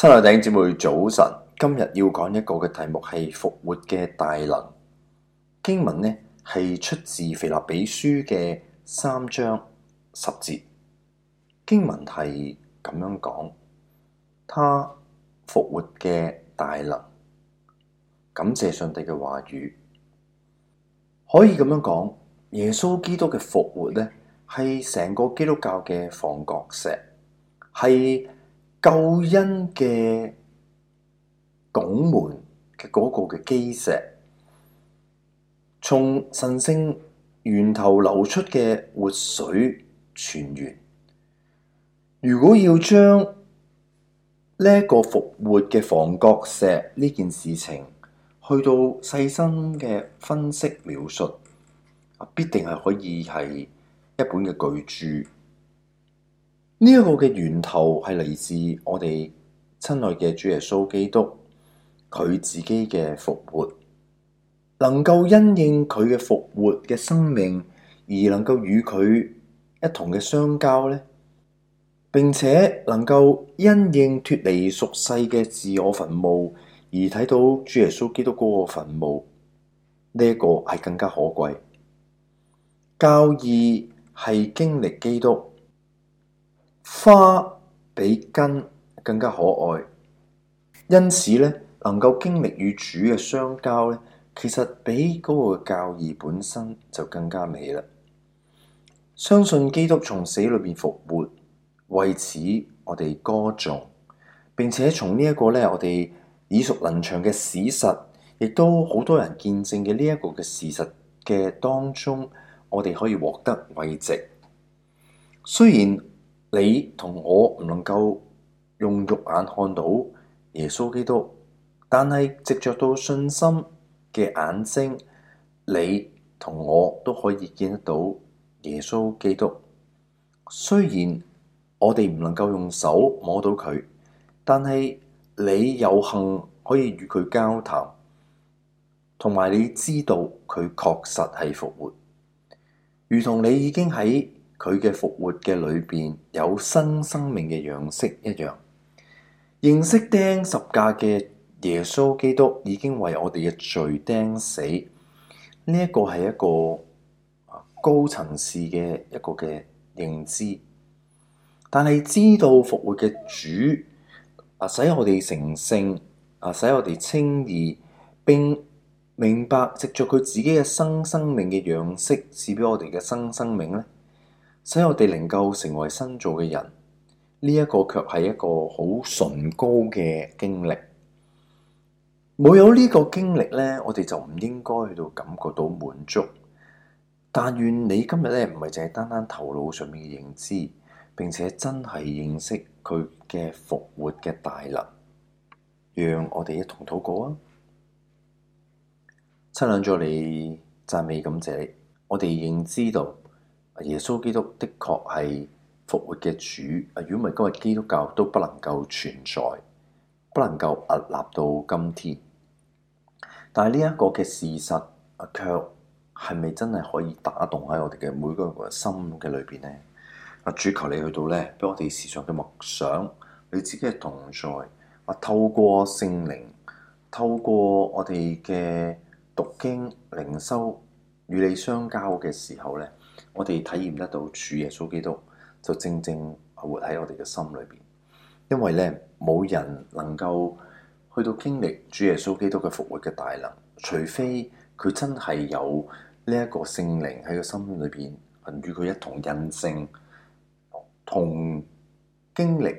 親愛頂姐妹早晨，今日要講一個嘅題目係復活嘅大能。經文呢係出自腓立比書嘅三章十節。經文係咁樣講，他復活嘅大能，感謝上帝嘅話語，可以咁樣講，耶穌基督嘅復活呢，係成個基督教嘅房角石，係。救恩嘅拱門嘅嗰個嘅基石，從神聖源頭流出嘅活水泉源。如果要將呢一個復活嘅房角石呢件事情去到細心嘅分析描述，必定係可以係一本嘅巨著。呢、這、一個嘅源頭係嚟自我哋親愛嘅主耶穌基督，佢自己嘅復活，能夠因應佢嘅復活嘅生命，而能夠與佢一同嘅相交呢，並且能夠因應脫離俗世嘅自我墳墓，而睇到主耶穌基督嗰個墳墓，呢、這、一個係更加可貴。教義係經歷基督。花比根更加可愛，因此咧能夠經歷與主嘅相交咧，其實比嗰個教義本身就更加美啦。相信基督從死裏邊復活，為此我哋歌頌，並且從呢一個咧我哋耳熟能詳嘅史實，亦都好多人見證嘅呢一個嘅事實嘅當中，我哋可以獲得慰藉。雖然。你同我唔能夠用肉眼看到耶穌基督，但係藉着到信心嘅眼睛，你同我都可以見得到耶穌基督。雖然我哋唔能夠用手摸到佢，但係你有幸可以與佢交談，同埋你知道佢確實係復活，如同你已經喺。佢嘅復活嘅裏邊有新生，生命嘅樣式一樣，認識釘十架嘅耶穌基督已經為我哋嘅罪釘死，呢一個係一個啊高層次嘅一個嘅認知，但係知道復活嘅主啊，使我哋成聖啊，使我哋稱義並明白藉着佢自己嘅新生，生命嘅樣式，賜畀我哋嘅新生命咧。使我哋能夠成為新造嘅人，呢、這個、一個卻係一個好崇高嘅經歷。冇有呢個經歷咧，我哋就唔應該去到感覺到滿足。但願你今日咧唔係淨係單單頭腦上面嘅認知，並且真係認識佢嘅復活嘅大能，讓我哋一同禱告啊！親，兩座你讚美感謝你，我哋認知到。耶穌基督的確係復活嘅主。如果唔係今日基督教都不能夠存在，不能夠屹立到今天。但係呢一個嘅事實，卻係咪真係可以打動喺我哋嘅每個人嘅心嘅裏邊呢？啊，主求你去到呢，俾我哋時常嘅默想，你自己嘅同在啊，透過聖靈，透過我哋嘅讀經、靈修與你相交嘅時候呢。我哋體驗得到主耶穌基督就正正活喺我哋嘅心裏邊，因為咧冇人能夠去到經歷主耶穌基督嘅復活嘅大能，除非佢真係有呢一個聖靈喺佢心裏邊，與佢一同印證，同經歷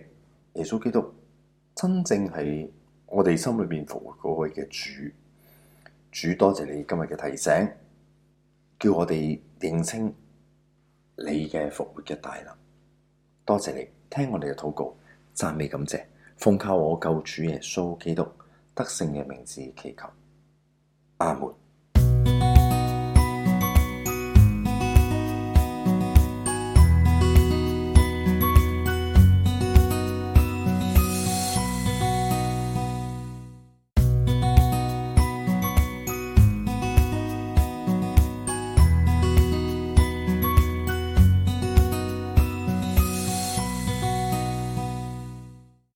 耶穌基督真正係我哋心裏邊復活過去嘅主，主。主，多謝你今日嘅提醒，叫我哋認清。你嘅復活嘅大能，多謝你聽我哋嘅禱告，讚美感謝，奉靠我救主耶穌基督得勝嘅名字祈求，阿門。